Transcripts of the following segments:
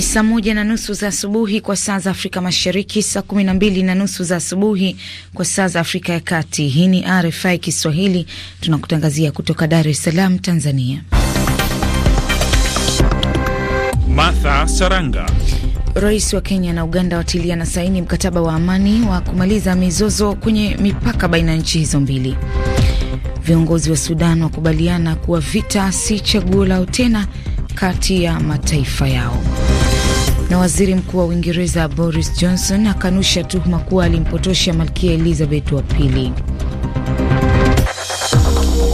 saa moja na nusu za asubuhi kwa saa za Afrika Mashariki, saa kumi na mbili na nusu za asubuhi kwa saa za Afrika ya Kati. Hii ni RFI Kiswahili, tunakutangazia kutoka Dar es Salaam, Tanzania. Martha Saranga. Rais wa Kenya na Uganda watilia na saini mkataba wa amani wa kumaliza mizozo kwenye mipaka baina ya nchi hizo mbili. Viongozi wa Sudan wakubaliana kuwa vita si chaguo lao tena kati ya mataifa yao. Na waziri mkuu wa Uingereza Boris Johnson akanusha tuhuma kuwa alimpotosha malkia Elizabeth wa pili.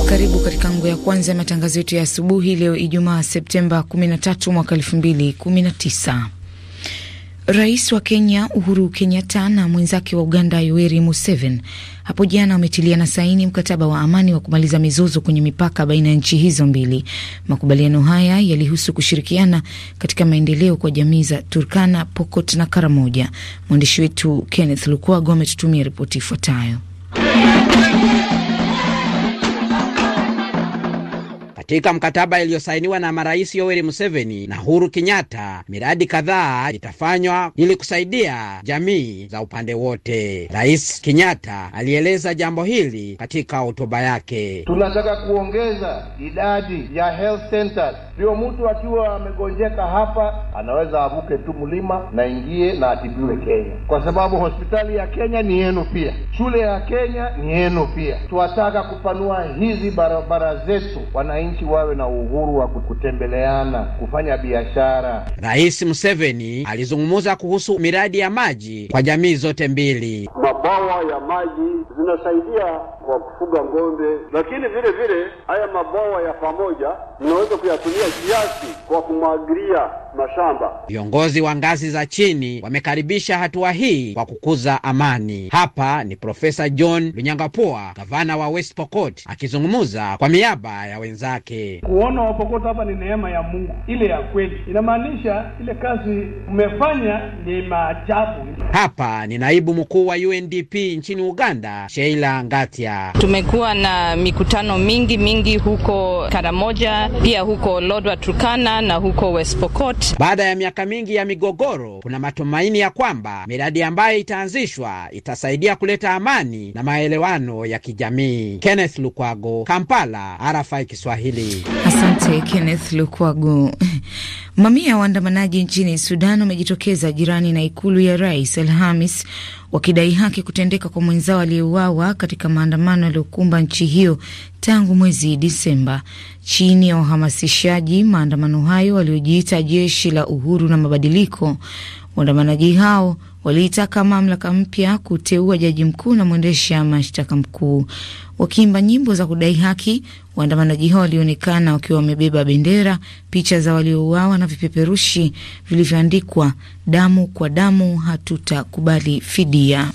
Karibu katika ngo ya kwanza ya matangazo yetu ya asubuhi leo Ijumaa Septemba 13 mwaka 2019. Rais wa Kenya Uhuru Kenyatta na mwenzake wa Uganda Yoweri Museveni hapo jana wametilia na saini mkataba wa amani wa kumaliza mizozo kwenye mipaka baina ya nchi hizo mbili. Makubaliano haya yalihusu kushirikiana katika maendeleo kwa jamii za Turkana, Pokot na Karamoja. Mwandishi wetu Kenneth Lukwago ametutumia ripoti ifuatayo. Katika mkataba iliyosainiwa na marais Yoweri Museveni na Uhuru Kenyatta, miradi kadhaa itafanywa ili kusaidia jamii za upande wote. Rais Kenyatta alieleza jambo hili katika hotuba yake. Tunataka kuongeza idadi ya health centers Sio mtu akiwa amegonjeka hapa anaweza avuke tu mlima na ingie na atibiwe Kenya, kwa sababu hospitali ya Kenya ni yenu pia, shule ya Kenya ni yenu pia. Tuwataka kupanua hizi barabara zetu, wananchi wawe na uhuru wa kutembeleana, kufanya biashara. Rais Museveni alizungumza kuhusu miradi ya maji kwa jamii zote mbili. Mabwawa ya maji zinasaidia kwa kufuga ng'ombe, lakini vile vile haya mabwawa ya pamoja mnaweza kuyatumia kiasi kwa kumwagilia mashamba. Viongozi wa ngazi za chini wamekaribisha hatua hii kwa kukuza amani. Hapa ni Profesa John Lunyangapoa, gavana wa West Pokot, akizungumza kwa miaba ya wenzake. Kuona Wapokot hapa ni neema ya Mungu ile ya kweli, inamaanisha ile kazi umefanya ni maajabu. Hapa ni naibu mkuu wa UNDP nchini Uganda, Sheila Ngatia. Tumekuwa na mikutano mingi mingi huko Karamoja, pia huko Lodwa Turkana na huko West Pokot baada ya miaka mingi ya migogoro, kuna matumaini ya kwamba miradi ambayo itaanzishwa itasaidia kuleta amani na maelewano ya kijamii. Kenneth Lukwago, Kampala, RFI Kiswahili. Asante Kenneth Lukwago. Mamia ya waandamanaji nchini Sudan wamejitokeza jirani na ikulu ya rais Alhamis wakidai haki kutendeka kwa mwenzao aliyeuawa katika maandamano yaliyokumba nchi hiyo tangu mwezi Disemba. Chini ya uhamasishaji maandamano hayo waliojiita jeshi la uhuru na mabadiliko, waandamanaji hao waliitaka mamlaka mpya kuteua jaji mkuu na mwendesha mashtaka mkuu. Wakiimba nyimbo za kudai haki, waandamanaji hao walionekana wakiwa wamebeba bendera, picha za waliouawa na vipeperushi vilivyoandikwa damu kwa damu, hatutakubali fidia.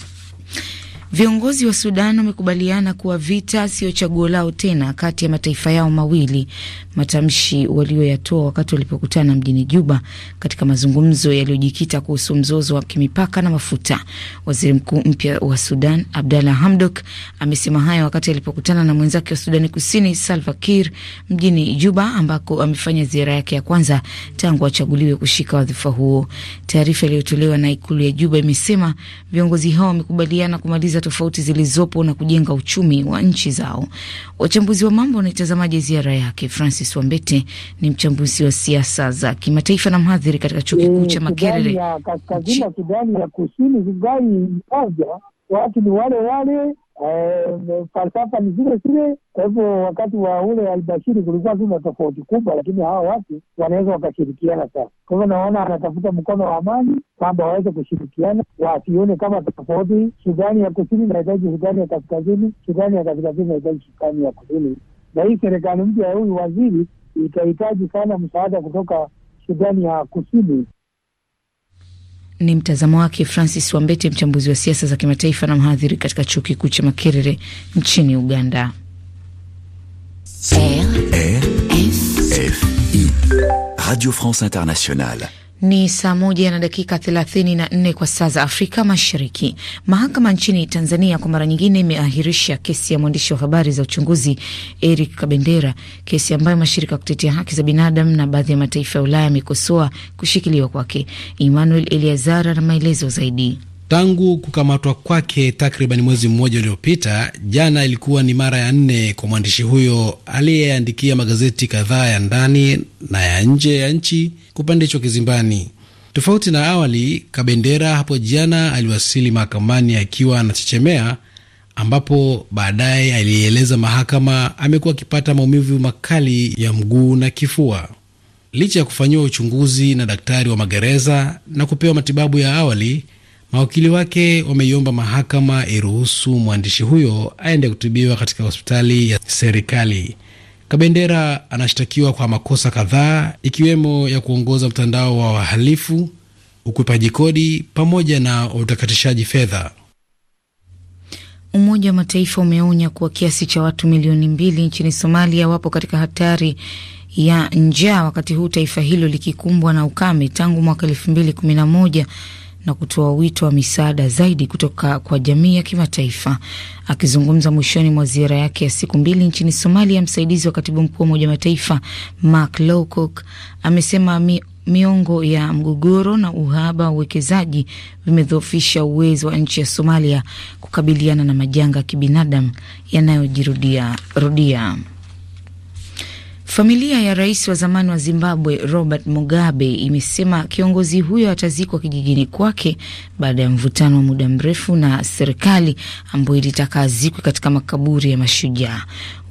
Viongozi wa Sudan wamekubaliana kuwa vita sio chaguo lao tena kati ya mataifa yao mawili, matamshi walioyatoa wakati walipokutana mjini Juba katika mazungumzo yaliyojikita kuhusu mzozo wa kimipaka na mafuta. Waziri mkuu mpya wa Sudan Abdalla Hamdok amesema hayo wakati alipokutana na mwenzake wa Sudani Kusini Salva Kiir mjini Juba, ambako amefanya ziara yake ya kwanza tangu achaguliwe kushika wadhifa huo. Taarifa iliyotolewa na ikulu ya Juba imesema viongozi hao wamekubaliana kumaliza tofauti zilizopo na kujenga uchumi wa nchi zao. Wachambuzi wa mambo wanaitazamaje ziara yake? Francis Wambete ni mchambuzi wa siasa za kimataifa na mhadhiri katika chuo kikuu cha Makerere. Kaskazini na Sudani ya Kusini zigai moja, watu ni wale wale Eh, falsafa ni zile zile. Kwa hivyo wakati wa ule Albashiri kulikuwa tu na tofauti kubwa, lakini hawa watu wanaweza wakashirikiana sasa. Kwa hivyo naona anatafuta mkono wa amani kwamba waweze kushirikiana, wasione kama tofauti. Sudani ya kusini inahitaji Sudani ya kaskazini, Sudani ya kaskazini inahitaji Sudani ya kusini, na hii serikali mpya ya huyu waziri itahitaji sana msaada kutoka Sudani ya kusini. Ni mtazamo wake Francis Wambete, mchambuzi wa siasa za kimataifa na mhadhiri katika chuo kikuu cha Makerere nchini Uganda. R, F, F, I, Radio France Internationale. Ni saa moja na dakika 34 kwa saa za Afrika Mashariki. Mahakama nchini Tanzania kwa mara nyingine imeahirisha kesi ya mwandishi wa habari za uchunguzi Eric Kabendera, kesi ambayo mashirika ya kutetea haki za binadamu na baadhi ya mataifa ya Ulaya yamekosoa kushikiliwa kwake. Emmanuel Eliazara na maelezo zaidi. Tangu kukamatwa kwake takriban mwezi mmoja uliopita, jana ilikuwa ni mara ya nne kwa mwandishi huyo aliyeandikia magazeti kadhaa ya ndani na ya nje ya nchi kupanda hicho kizimbani. Tofauti na awali, Kabendera hapo jana aliwasili mahakamani akiwa anachechemea, ambapo baadaye alieleza mahakama amekuwa akipata maumivu makali ya mguu na kifua licha ya kufanyiwa uchunguzi na daktari wa magereza na kupewa matibabu ya awali. Mawakili wake wameiomba mahakama iruhusu mwandishi huyo aende kutibiwa katika hospitali ya serikali. Kabendera anashtakiwa kwa makosa kadhaa ikiwemo ya kuongoza mtandao wa wahalifu, ukwepaji kodi pamoja na utakatishaji fedha. Umoja wa Mataifa umeonya kuwa kiasi cha watu milioni mbili nchini Somalia wapo katika hatari ya njaa, wakati huu taifa hilo likikumbwa na ukame tangu mwaka elfu mbili kumi na moja na kutoa wito wa misaada zaidi kutoka kwa jamii ya kimataifa. Akizungumza mwishoni mwa ziara yake ya siku mbili nchini Somalia, msaidizi wa katibu mkuu wa Umoja Mataifa Mark Lowcock amesema mi miongo ya mgogoro na uhaba wa uwekezaji vimedhoofisha uwezo wa nchi ya Somalia kukabiliana na majanga ya kibinadamu yanayojirudia rudia. Familia ya rais wa zamani wa Zimbabwe Robert Mugabe imesema kiongozi huyo atazikwa kijijini kwake baada ya mvutano wa muda mrefu na serikali ambayo ilitaka azikwe katika makaburi ya mashujaa.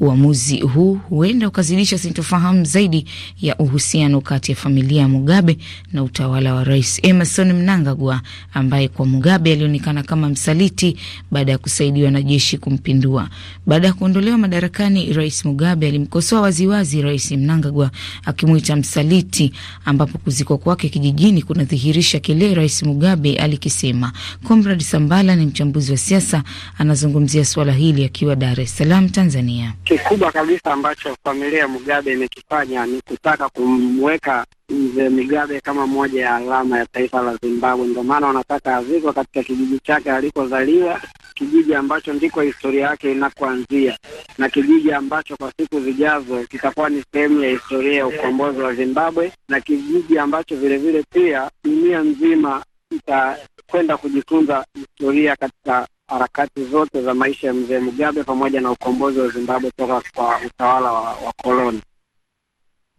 Uamuzi huu huenda ukazidisha sintofahamu zaidi ya uhusiano kati ya familia ya Mugabe na utawala wa rais Emerson Mnangagwa ambaye kwa Mugabe alionekana kama msaliti baada ya kusaidiwa na jeshi kumpindua. Baada ya kuondolewa madarakani, rais Mugabe alimkosoa waziwazi Rais Mnangagwa akimwita msaliti, ambapo kuzikwa kwake kijijini kunadhihirisha kile Rais Mugabe alikisema. Comrad Sambala ni mchambuzi wa siasa, anazungumzia suala hili akiwa Dar es Salaam, Tanzania. Kikubwa kabisa ambacho familia ya Mugabe imekifanya ni kutaka kumweka mzee Mugabe kama moja ya alama ya taifa la Zimbabwe. Ndio maana wanataka azikwa katika kijiji chake alikozaliwa kijiji ambacho ndiko historia yake inakoanzia na kijiji ambacho kwa siku zijazo kitakuwa ni sehemu ya historia ya ukombozi wa Zimbabwe na kijiji ambacho vilevile pia dunia nzima itakwenda kujifunza historia katika harakati zote za maisha ya mzee Mugabe pamoja na ukombozi wa Zimbabwe toka kwa utawala wa wakoloni.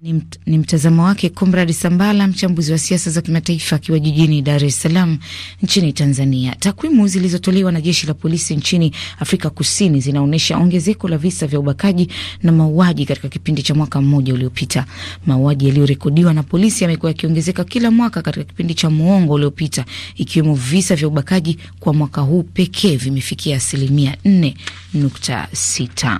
Ni, ni mtazamo wake Comrad Sambala, mchambuzi wa siasa za kimataifa akiwa jijini Dar es Salaam nchini Tanzania. Takwimu zilizotolewa na jeshi la polisi nchini Afrika Kusini zinaonyesha ongezeko la visa vya ubakaji na mauaji katika kipindi cha mwaka mmoja uliopita. Mauaji yaliyorekodiwa na polisi yamekuwa yakiongezeka kila mwaka katika kipindi cha muongo uliopita, ikiwemo visa vya ubakaji kwa mwaka huu pekee vimefikia asilimia 4.6.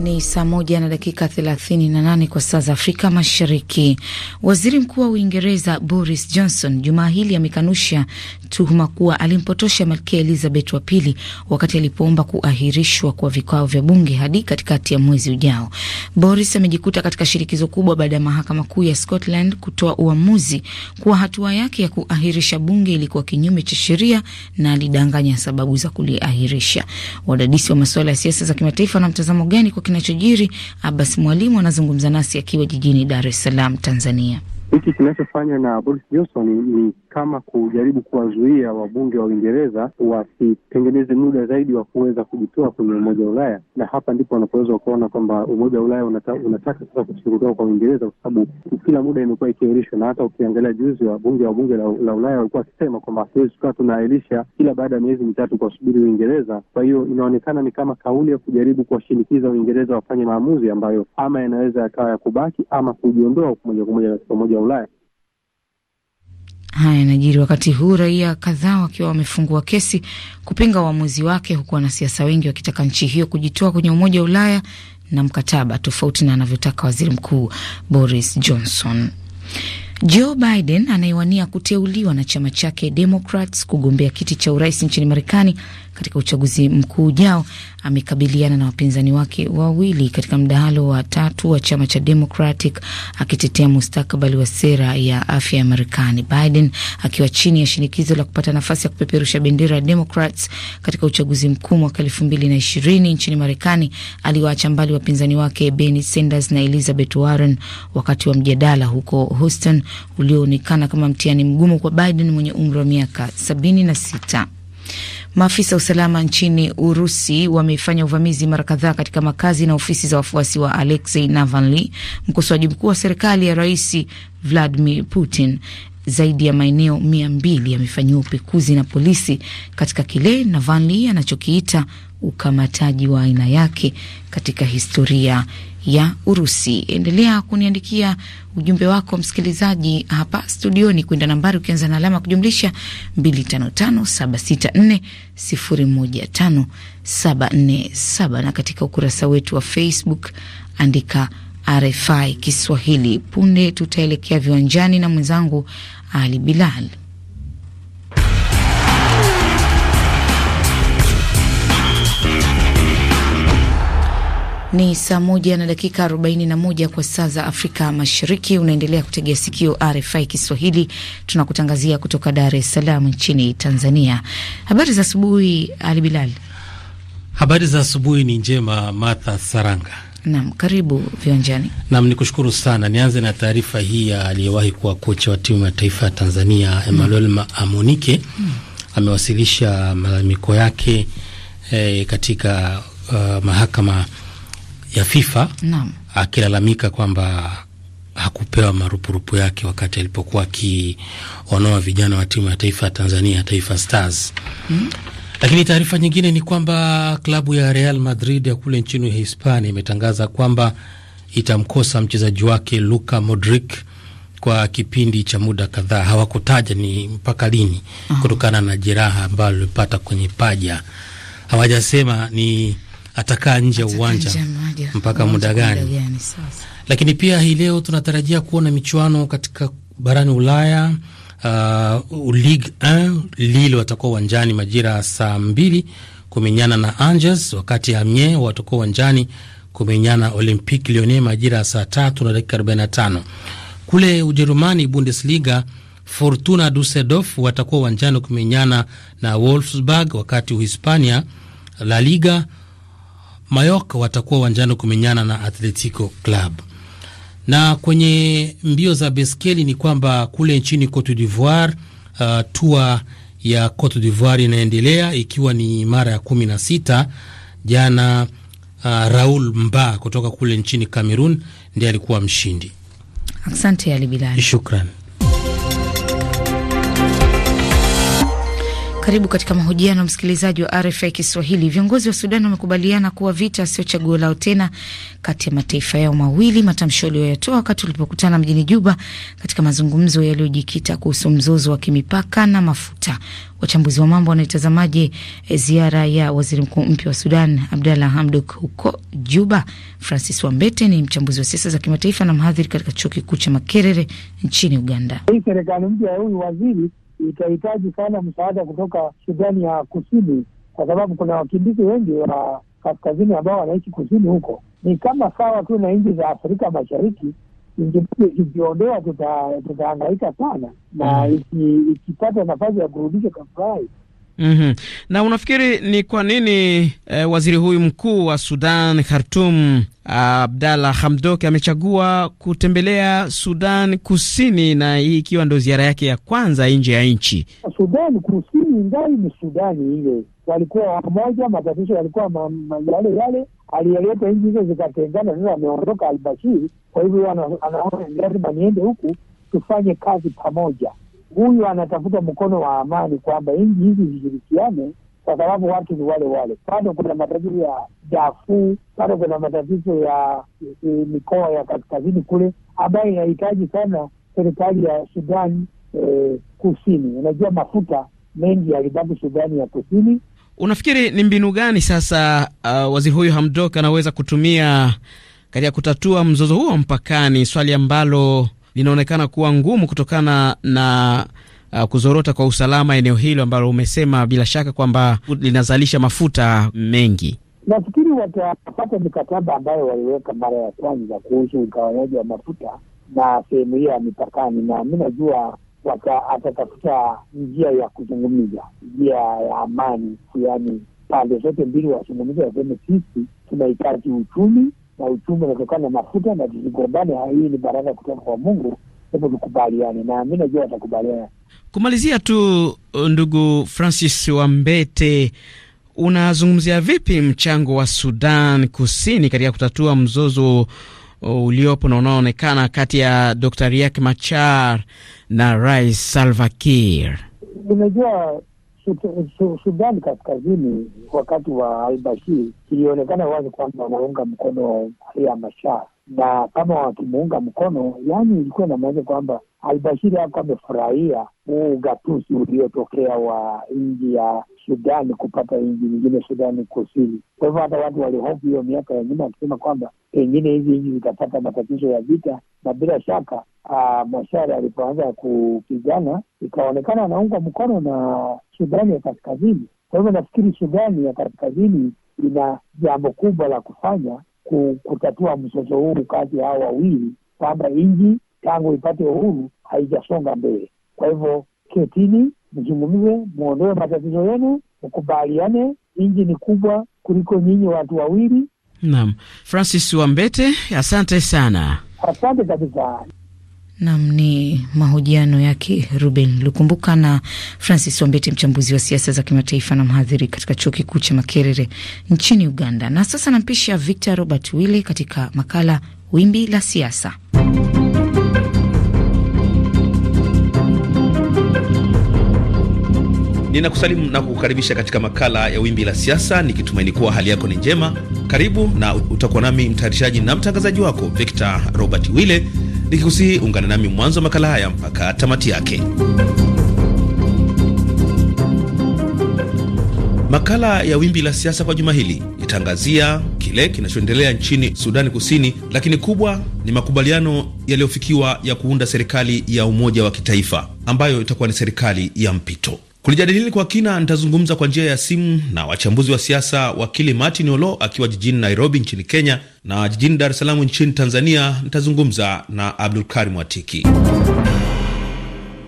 Ni saa moja na dakika 38 kwa saa za Afrika Mashariki. Waziri Mkuu wa Uingereza Boris Johnson jumaa hili amekanusha tuhuma kuwa alimpotosha Malkia Elizabeth wa Pili wakati alipoomba kuahirishwa kwa vikao vya bunge hadi katikati ya mwezi ujao. Boris amejikuta katika shirikizo kubwa baada ya mahakama kuu ya Scotland kutoa uamuzi kuwa hatua yake ya kuahirisha bunge ilikuwa kinyume cha sheria na alidanganya sababu za kuliahirisha. Wadadisi wa masuala ya siasa za kimataifa na mtazamo gani kwa kinachojiri. Abbas Mwalimu anazungumza nasi akiwa jijini Dar es Salaam, Tanzania. Hiki kinachofanywa na Boris Johnson ni kama kujaribu kuwazuia wabunge wa Uingereza wasitengeneze muda zaidi wa kuweza kujitoa kwenye Umoja wa Ulaya, na hapa ndipo wanapoweza kuona kwamba Umoja wa Ulaya unata, unataka sasa kutoka kwa Uingereza, kwa sababu kila muda imekuwa ikiairishwa, na hata ukiangalia juzi wabunge wa bunge la, la Ulaya walikuwa wakisema kwamba hatuwezi tukawa tunaahirisha kila baada ya miezi mitatu kwa subiri Uingereza. Kwa hiyo inaonekana ni kama kauli ya kujaribu kuwashinikiza Uingereza wafanye maamuzi ambayo ama yanaweza yakawa ya kubaki ama kujiondoa moja kwa moja katika umoja Ulaya. Haya yanajiri wakati huu raia kadhaa wakiwa wamefungua kesi kupinga uamuzi wake, huku wanasiasa wengi wakitaka nchi hiyo kujitoa kwenye Umoja wa Ulaya na mkataba tofauti na anavyotaka Waziri Mkuu Boris Johnson. Joe Biden anayewania kuteuliwa na chama chake Democrats kugombea kiti cha urais nchini Marekani katika uchaguzi mkuu ujao, amekabiliana na wapinzani wake wawili katika mdahalo wa tatu wa chama cha Democratic akitetea mustakabali wa sera ya afya ya Marekani. Biden akiwa chini ya shinikizo la kupata nafasi ya kupeperusha bendera ya Democrats katika uchaguzi mkuu mwaka elfu mbili na ishirini nchini Marekani, aliwaacha mbali wapinzani wake Bernie Sanders na Elizabeth Warren wakati wa mjadala huko Houston ulioonekana kama mtihani mgumu kwa Biden mwenye umri wa miaka sabini na sita. Maafisa wa usalama nchini Urusi wamefanya uvamizi mara kadhaa katika makazi na ofisi za wafuasi wa Alexei Navalny, mkosoaji mkuu wa serikali ya Rais Vladimir Putin. Zaidi ya maeneo mia mbili yamefanyiwa upekuzi na polisi katika kile Navalny anachokiita ukamataji wa aina yake katika historia ya Urusi. Endelea kuniandikia ujumbe wako msikilizaji, hapa studioni kwenda nambari ukianza na alama kujumlisha 255764015747 na katika ukurasa wetu wa Facebook andika RFI Kiswahili. Punde tutaelekea viwanjani na mwenzangu Ali Bilal. Ni saa moja na dakika moja kwa saa za Afrika Mashariki. Unaendelea kutegea sikio RFI Kiswahili, tunakutangazia kutoka Dar es Salaam nchini Tanzania. Habari za asubuhi, Ali Bilal. Habari za asubuhi ni njema, Martha Saranga. Naam, karibu viwanjani. Naam, ni kushukuru sana. Nianze na taarifa hii ya aliyewahi kuwa kocha wa timu ya taifa ya Tanzania mm. Emmanuel mm. Amunike mm. amewasilisha malalamiko yake eh, katika uh, mahakama ya FIFA akilalamika kwamba hakupewa marupurupu yake wakati alipokuwa akionoa vijana wa timu ya taifa ya Tanzania, Taifa Stars mm. Lakini taarifa nyingine ni kwamba klabu ya Real Madrid ya kule nchini Hispania imetangaza kwamba itamkosa mchezaji wake Luka Modric kwa kipindi cha muda kadhaa. Hawakutaja ni mpaka lini, kutokana na jeraha ambalo lilipata kwenye paja. Hawajasema ni atakaa nje ya uwanja mpaka muda gani? Lakini pia hii leo tunatarajia kuona michuano katika barani Ulaya. Uh, Ligue 1 Lille watakuwa uwanjani majira ya saa mbili kumenyana na Angers, wakati Amiens watakuwa uwanjani kumenyana Olympique Lyonnais majira ya saa tatu na dakika 45. Kule Ujerumani, Bundesliga, Fortuna Dusseldorf watakuwa uwanjani kumenyana na Wolfsburg, wakati Uhispania La Liga Mayoka watakuwa uwanjani kumenyana na Atletico Club. Na kwenye mbio za beskeli ni kwamba kule nchini Cote d'Ivoire, uh, tua ya Cote d'Ivoire inaendelea ikiwa ni mara ya kumi na sita. Jana uh, Raul Mba kutoka kule nchini Cameroon ndiye alikuwa mshindi. Asante Ali Bilali, shukran. Karibu katika mahojiano, msikilizaji wa RFI Kiswahili. Viongozi wa Sudan wamekubaliana kuwa vita sio chaguo lao tena kati ya mataifa yao mawili, matamshi walioyatoa wakati walipokutana mjini Juba katika mazungumzo yaliyojikita kuhusu mzozo wa kimipaka na mafuta. Wachambuzi wa mambo wanaitazamaje eh, ziara ya waziri mkuu mpya wa Sudan Abdalla Hamdok huko Juba? Francis Wambete ni mchambuzi wa siasa za kimataifa na mhadhiri katika chuo kikuu cha Makerere nchini Uganda. Hii serikali mpya ya huyu waziri itahitaji sana msaada kutoka Sudani ya Kusini, kwa sababu kuna wakimbizi wengi wa kaskazini ambao wanaishi kusini huko. Ni kama sawa tu na nchi za Afrika Mashariki. ikiondoa tutaangaika sana, na mm. ikipata nafasi ya kurudisha kafurahi, Mm -hmm. Na unafikiri ni kwa nini e, waziri huyu mkuu wa Sudan Khartoum Abdalla Hamdok amechagua kutembelea Sudan Kusini na hii ikiwa ndio ziara yake ya kwanza nje ya nchi? Sudan Kusini ngali ni Sudani ile, walikuwa wamoja, matatizo yalikuwa ma, ma, yale yale, aliyeleta nchi hizo zikatengana, sasa ameondoka Albashiri. Kwa hivyo anaona lazima niende huku tufanye kazi pamoja huyu anatafuta mkono wa amani kwamba nchi hizi zishirikiane, kwa sababu watu ni wale wale. Bado kuna matatizo ya Darfur, bado kuna matatizo ya mikoa ya kaskazini kule ambayo inahitaji sana serikali ya Sudani e, eh, Kusini. Unajua mafuta mengi yalibaki Sudani ya Kusini. Unafikiri ni mbinu gani sasa uh, waziri huyu Hamdok anaweza kutumia katika kutatua mzozo huo mpakani, swali ambalo linaonekana kuwa ngumu kutokana na uh, kuzorota kwa usalama eneo hilo ambalo umesema bila shaka kwamba linazalisha mafuta mengi. Nafikiri watapata mikataba ambayo waliweka mara ya kwanza kuhusu ugawanyaji wa mafuta na sehemu hiyo ya mipakani, na mi najua atatafuta njia ya kuzungumza, njia ya amani, yaani pande zote mbili wazungumza, waseme sisi tunahitaji uchumi na uchumi unatokana na mafuta, na tusigombane. Hii ni baraka kutoka kwa Mungu, hebu tukubaliane, na mi najua watakubaliana. Kumalizia tu, ndugu Francis Wambete, unazungumzia vipi mchango wa Sudan Kusini katika kutatua mzozo uliopo na unaoonekana kati ya Dr Riek Machar na Rais Salva Kiir? Unajua Sudani Kaskazini wakati wa Albashir ilionekana wazi kwamba wanaunga mkono Ali Mashar, na kama wakimuunga mkono, yani ilikuwa inamaanisha kwamba Albashiri hapo amefurahia huu ugatuzi uliotokea wa nji ya Sudani kupata nji nyingine, Sudani Kusini. Kwa hivyo hata watu walihofu hiyo miaka ya nyuma, akisema kwamba pengine hizi nji zitapata matatizo ya vita, na bila shaka ah, Mashari alipoanza kupigana ikaonekana anaungwa mkono na Sudani ya Kaskazini. Kwa hivyo nafikiri Sudani ya Kaskazini ina jambo kubwa la kufanya kutatua mzozo huu kati ya hao wawili, kwamba nji tangu ipate uhuru haijasonga mbele. Kwa hivyo, ketini, mzungumze, mwondoe matatizo yenu, mkubaliane. Nchi ni kubwa kuliko nyinyi watu wawili. Naam, Francis Wambete, asante sana. Asante kabisa. Nam, ni mahojiano yake Ruben Lukumbuka na Francis Wambete, mchambuzi wa siasa za kimataifa na mhadhiri katika chuo kikuu cha Makerere nchini Uganda. Na sasa nampisha Victor Robert Wille katika makala Wimbi la Siasa. Ninakusalimu na kukukaribisha katika makala ya Wimbi la Siasa, nikitumaini kuwa hali yako ni njema. Karibu na utakuwa nami mtayarishaji na mtangazaji wako Victor Robert Wille, nikikusihi ungana nami mwanzo wa makala haya mpaka tamati yake. Makala ya Wimbi la Siasa kwa juma hili itangazia kile kinachoendelea nchini Sudani Kusini, lakini kubwa ni makubaliano yaliyofikiwa ya kuunda serikali ya umoja wa kitaifa ambayo itakuwa ni serikali ya mpito. Kulijadilini kwa kina, nitazungumza kwa njia ya simu na wachambuzi wa siasa, wakili Martin Olo akiwa jijini Nairobi nchini Kenya na jijini Dar es Salaam nchini Tanzania. Nitazungumza na Abdulkarim Watiki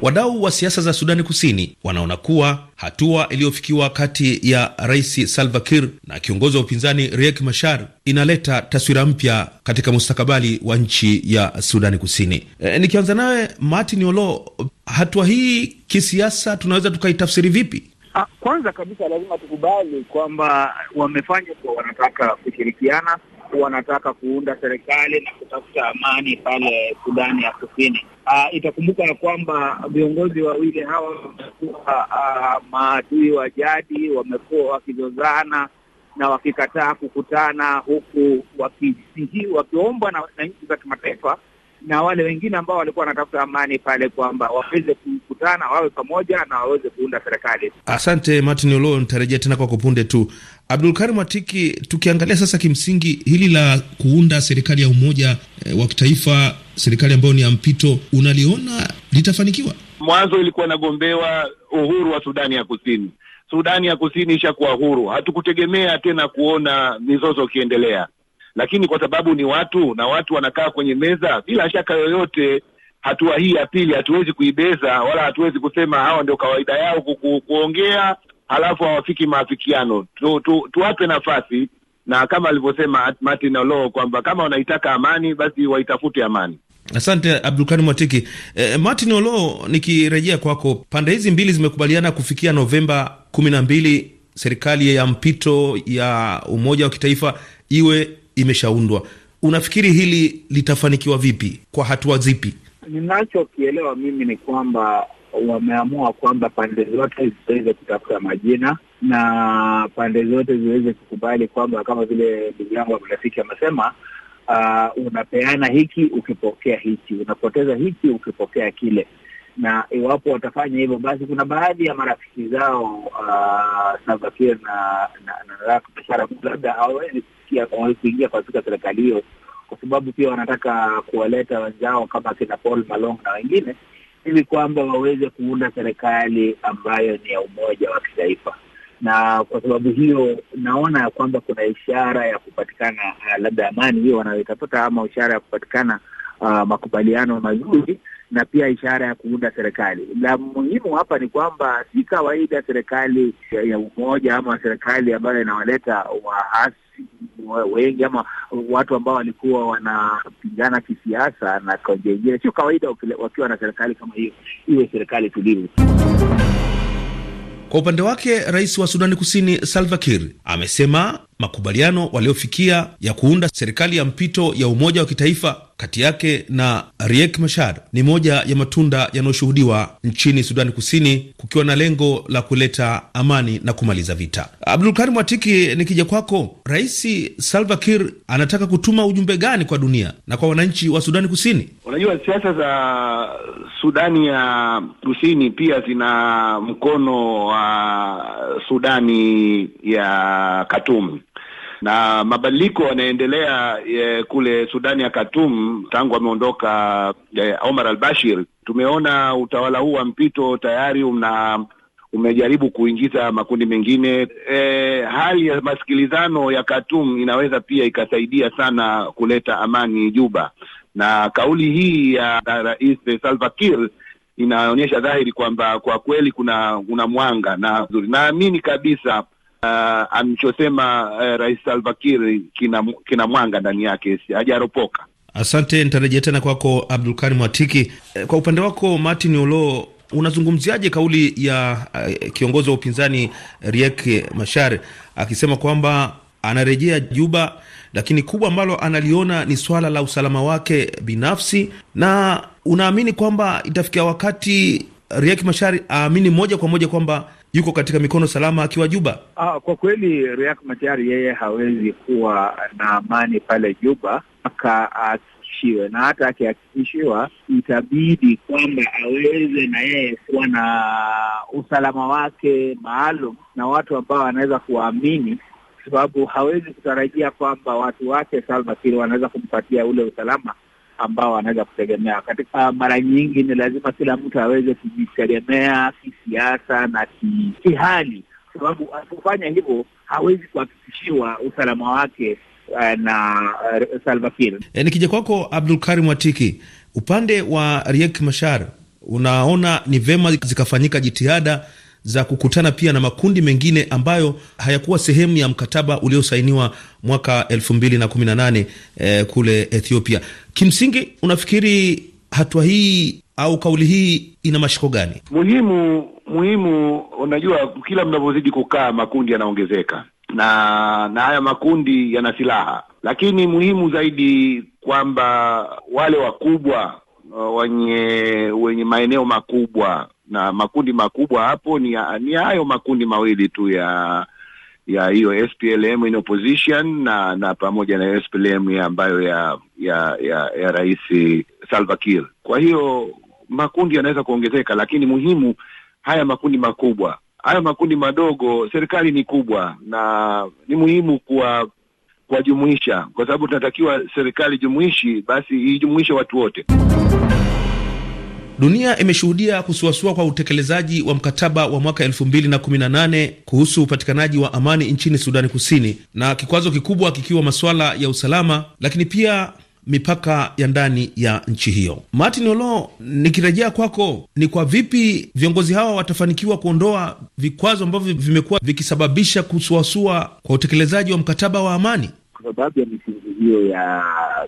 Wadau wa siasa za Sudani Kusini wanaona kuwa hatua iliyofikiwa kati ya Rais Salva Kiir na kiongozi wa upinzani Riek Machar inaleta taswira mpya katika mustakabali wa nchi ya Sudani Kusini. E, nikianza nawe Martin Olo, hatua hii kisiasa tunaweza tukaitafsiri vipi? Ah, kwanza kabisa lazima tukubali kwamba wamefanya kwa wanataka kushirikiana wanataka kuunda serikali na kutafuta amani pale Sudani ya Kusini. Ah, itakumbuka ya kwamba viongozi wawili hawa wamekuwa ah, maadui wa jadi, wamekuwa wakizozana na wakikataa kukutana, huku wakisihi wakiombwa na, na nchi za kimataifa na wale wengine ambao walikuwa wanatafuta amani pale kwamba waweze kukutana wawe pamoja na waweze kuunda serikali. Asante Martin Olo, nitarejea tena kwako punde tu. Abdulkarim Atiki, tukiangalia sasa kimsingi hili la kuunda serikali ya umoja e, wa kitaifa, serikali ambayo ni ya mpito, unaliona litafanikiwa? Mwanzo ilikuwa inagombewa uhuru wa Sudani ya Kusini. Sudani ya Kusini ishakuwa huru, hatukutegemea tena kuona mizozo ukiendelea, lakini kwa sababu ni watu na watu wanakaa kwenye meza, bila shaka yoyote hatua hii ya pili hatuwezi kuibeza wala hatuwezi kusema hawa ndio kawaida yao kuku, kuongea alafu hawafiki maafikiano. Tu, tu, tuwape nafasi na kama alivyosema Martin Olo kwamba kama wanaitaka amani basi waitafute amani. Asante Abdulkani Mwatiki. E, eh, Martin Olo, nikirejea kwako, pande hizi mbili zimekubaliana kufikia Novemba kumi na mbili serikali ya mpito ya umoja wa kitaifa iwe imeshaundwa. Unafikiri hili litafanikiwa vipi? Kwa hatua zipi? Ninachokielewa mimi ni kwamba wameamua kwamba pande zote ziweze kutafuta majina na pande zote ziweze kukubali kwamba kama vile ndugu yangu wa mrafiki amesema, uh, unapeana hiki ukipokea hiki, unapoteza hiki ukipokea kile. Na iwapo watafanya hivyo, basi kuna baadhi ya marafiki zao uh, na Kiir na na Machar labda hawawezi kuingia katika serikali hiyo, kwa sababu pia wanataka kuwaleta wenzao kama kina Paul Malong na wengine ili kwamba waweze kuunda serikali ambayo ni ya umoja wa kitaifa na kwa sababu hiyo naona ya kwamba kuna ishara ya kupatikana ah, labda amani hiyo wanayoitafuta ama ishara ya kupatikana uh, makubaliano mazuri na pia ishara ya kuunda serikali. La muhimu hapa ni kwamba si kawaida serikali ya, ya umoja ama serikali ambayo inawaleta waasi wengi ama watu ambao walikuwa wanapingana kisiasa na kwa ingine, sio kawaida wakiwa na serikali kama hiyo iwe serikali tulivu. Kwa upande wake, rais wa Sudani Kusini Salva Kiir amesema makubaliano waliofikia ya kuunda serikali ya mpito ya umoja wa kitaifa kati yake na Riek Machar ni moja ya matunda yanayoshuhudiwa nchini Sudani Kusini, kukiwa na lengo la kuleta amani na kumaliza vita. Abdulkarim Mwatiki, nikija kwako, Rais Salva Kiir anataka kutuma ujumbe gani kwa dunia na kwa wananchi wa Sudani Kusini? Unajua, siasa za Sudani ya Kusini pia zina mkono wa Sudani ya katumu na mabadiliko yanaendelea e, kule Sudani ya Khartoum tangu ameondoka e, Omar al-Bashir. Tumeona utawala huu wa mpito tayari una umejaribu kuingiza makundi mengine e, hali ya masikilizano ya Khartoum inaweza pia ikasaidia sana kuleta amani Juba, na kauli hii ya Rais Salva Kiir inaonyesha dhahiri kwamba kwa kweli kuna kuna mwanga na naamini kabisa uh, amchosema uh, Rais Salva Kiir kina, kina mwanga ndani yake, hajaropoka. Asante, nitarejea tena kwako Abdulkari Mwatiki. Eh, kwa upande wako Martin Olo, unazungumziaje kauli ya uh, kiongozi wa upinzani Riek Machar akisema kwamba anarejea Juba, lakini kubwa ambalo analiona ni swala la usalama wake binafsi, na unaamini kwamba itafikia wakati Riek Machar aamini moja kwa moja kwamba yuko katika mikono salama akiwa Juba? Ah, kwa kweli Riek Machar yeye hawezi kuwa na amani pale Juba mpaka ahakikishiwe, na hata akihakikishiwa itabidi kwamba aweze na yeye kuwa na usalama wake maalum na watu ambao anaweza kuwaamini sababu hawezi kutarajia kwamba watu wake Salva Kiir wanaweza kumpatia ule usalama ambao anaweza kutegemea katika. Mara nyingi ni lazima kila mtu aweze kujitegemea kisiasa na kihali, sababu asipofanya hivyo hawezi kuhakikishiwa usalama wake eh, na uh, Salva Kiir. E, nikija kwako Abdul Karim Watiki, upande wa Riek Mashar, unaona ni vema zikafanyika jitihada za kukutana pia na makundi mengine ambayo hayakuwa sehemu ya mkataba uliosainiwa mwaka elfu mbili na kumi na nane eh, kule Ethiopia. Kimsingi, unafikiri hatua hii au kauli hii ina mashiko gani muhimu? Muhimu, unajua kila mnavyozidi kukaa makundi yanaongezeka na na haya makundi yana silaha, lakini muhimu zaidi kwamba wale wakubwa uh, wenye wenye maeneo makubwa na makundi makubwa hapo ni ni hayo makundi mawili tu ya ya hiyo SPLM in opposition na na pamoja na SPLM ya ambayo ya ya ya, ya Rais Salva Kiir. Kwa hiyo makundi yanaweza kuongezeka, lakini muhimu haya makundi makubwa. Haya makundi madogo, serikali ni kubwa na ni muhimu kuwa kuwajumuisha, kwa sababu tunatakiwa serikali jumuishi, basi ijumuishe watu wote. Dunia imeshuhudia kusuasua kwa utekelezaji wa mkataba wa mwaka 2018 kuhusu upatikanaji wa amani nchini Sudani Kusini, na kikwazo kikubwa kikiwa masuala ya usalama, lakini pia mipaka ya ndani ya nchi hiyo. Martin Olo, nikirejea kwako, ni kwa vipi viongozi hawa watafanikiwa kuondoa vikwazo ambavyo vimekuwa vikisababisha kusuasua kwa utekelezaji wa mkataba wa amani? sababu ya misingi hiyo ya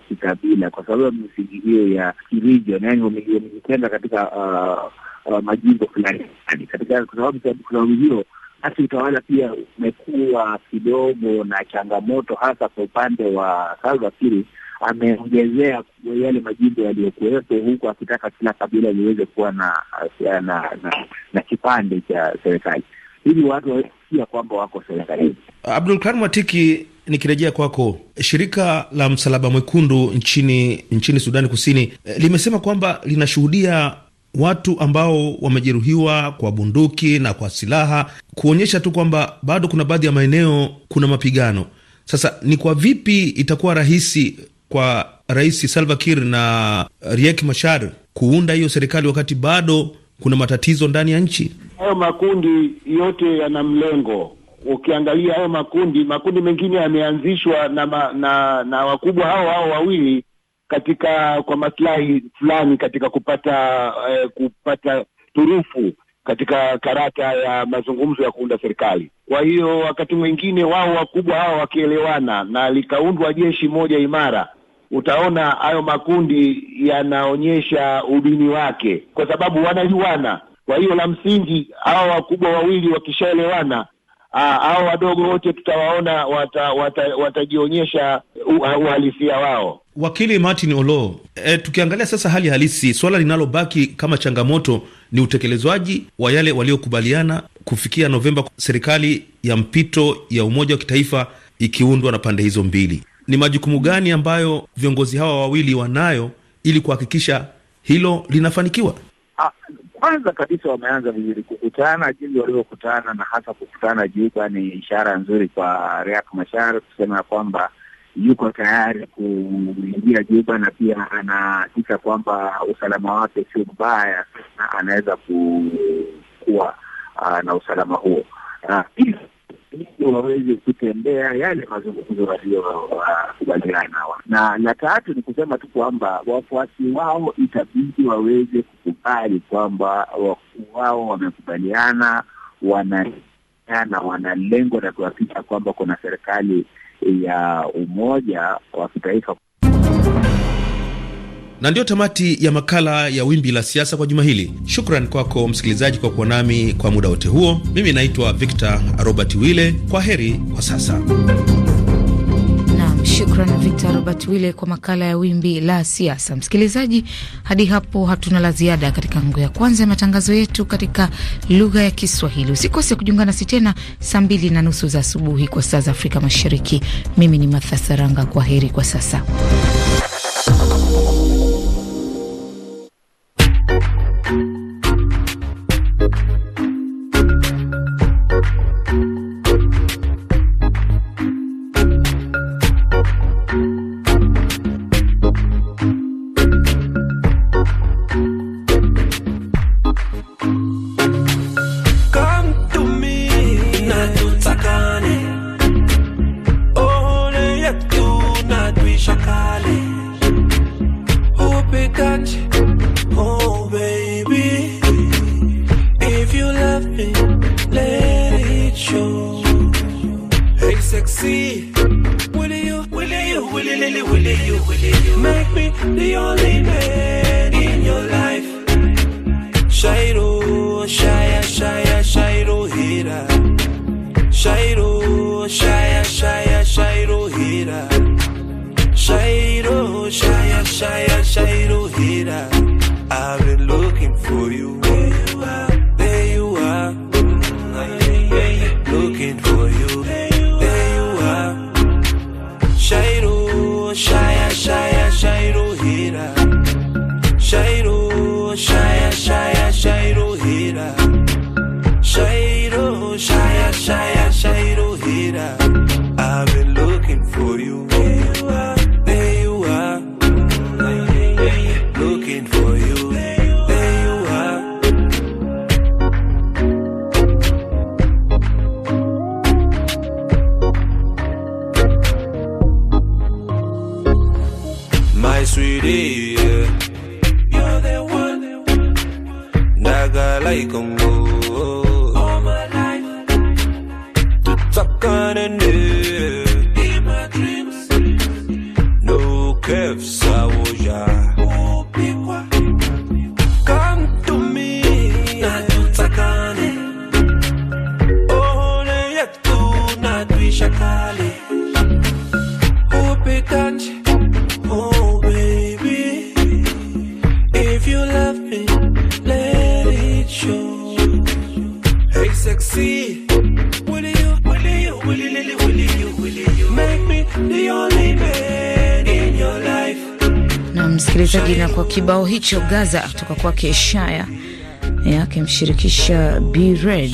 kikabila, kwa sababu ya misingi hiyo ya kirejion, yani wamejitenga katika uh, uh, majimbo fulani fulani, katika kwa sababu sababu hiyo hata utawala pia umekuwa kidogo na changamoto, hasa kwa upande wa Salva Kiir. Ameongezea yale majimbo yaliyokuwepo, huku akitaka kila kabila liweze kuwa na na, na na kipande cha serikali, ili watu waweze kusikia kwamba wako serikalini. Abdulkarim Watiki, nikirejea kwako, shirika la Msalaba Mwekundu nchini, nchini Sudani Kusini eh, limesema kwamba linashuhudia watu ambao wamejeruhiwa kwa bunduki na kwa silaha, kuonyesha tu kwamba bado kuna baadhi ya maeneo kuna mapigano. Sasa ni kwa vipi itakuwa rahisi kwa Rais Salva Kiir na Riek Machar kuunda hiyo serikali wakati bado kuna matatizo ndani ya nchi? Hayo makundi yote yana mlengo ukiangalia hayo makundi, makundi mengine yameanzishwa na, ma, na na wakubwa hao hao wawili katika kwa maslahi fulani katika kupata eh, kupata turufu katika karata ya mazungumzo ya kuunda serikali. Kwa hiyo wakati mwingine wao wakubwa hao wakielewana na likaundwa jeshi moja imara, utaona hayo makundi yanaonyesha udini wake, kwa sababu wanajuana. Kwa hiyo la msingi, hawa wakubwa wawili wakishaelewana, au ah, wadogo wote tutawaona watajionyesha wata, wata uhalisia wao. Wakili Martin Olo, e, tukiangalia sasa hali halisi, swala linalobaki kama changamoto ni utekelezwaji wa yale waliokubaliana kufikia Novemba, serikali ya mpito ya umoja wa kitaifa ikiundwa na pande hizo mbili. Ni majukumu gani ambayo viongozi hawa wawili wanayo ili kuhakikisha hilo linafanikiwa? Ah, kwanza kabisa wameanza vizuri kukutana, jinsi walivyokutana na hasa kukutana Juba ni ishara nzuri kwa riak mashar kusema kwamba yuko tayari kuingia Juba na pia anahakika kwamba usalama wake sio mbaya na anaweza ku, kuwa uh, na usalama huo uh, waweze kutembea yale mazungumzo waliyokubaliana na na tatu ni kusema tu kwamba wafuasi wao itabidi waweze kukubali kwamba wakuu wao wamekubaliana, wanana na wana lengo la kuhakikisha kwamba kuna serikali ya umoja wa kitaifa na ndiyo tamati ya makala ya Wimbi la Siasa kwa juma hili. Shukran kwako msikilizaji kwa kuwa nami kwa muda wote huo. Mimi naitwa Victor Robert wille kwa heri kwa sasa. Shukran Victor Robert Wille kwa makala ya wimbi la siasa. Msikilizaji, hadi hapo hatuna la ziada katika ngo ya kwanza ya matangazo yetu katika lugha ya Kiswahili. Usikose kujiunga nasi tena saa mbili na nusu za asubuhi kwa saa za Afrika Mashariki. Mimi ni mathasaranga Saranga, kwa heri kwa sasa. kibao hicho Gaza kutoka kwake Shaya akimshirikisha B-Red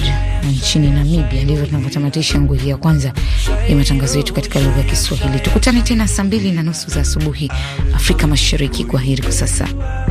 nchini Namibia. Ndivyo tunavyotamatisha nguhi ya kwanza ya matangazo yetu katika lugha ya Kiswahili. Tukutane tena saa mbili na nusu za asubuhi Afrika Mashariki. Kwa heri kwa sasa.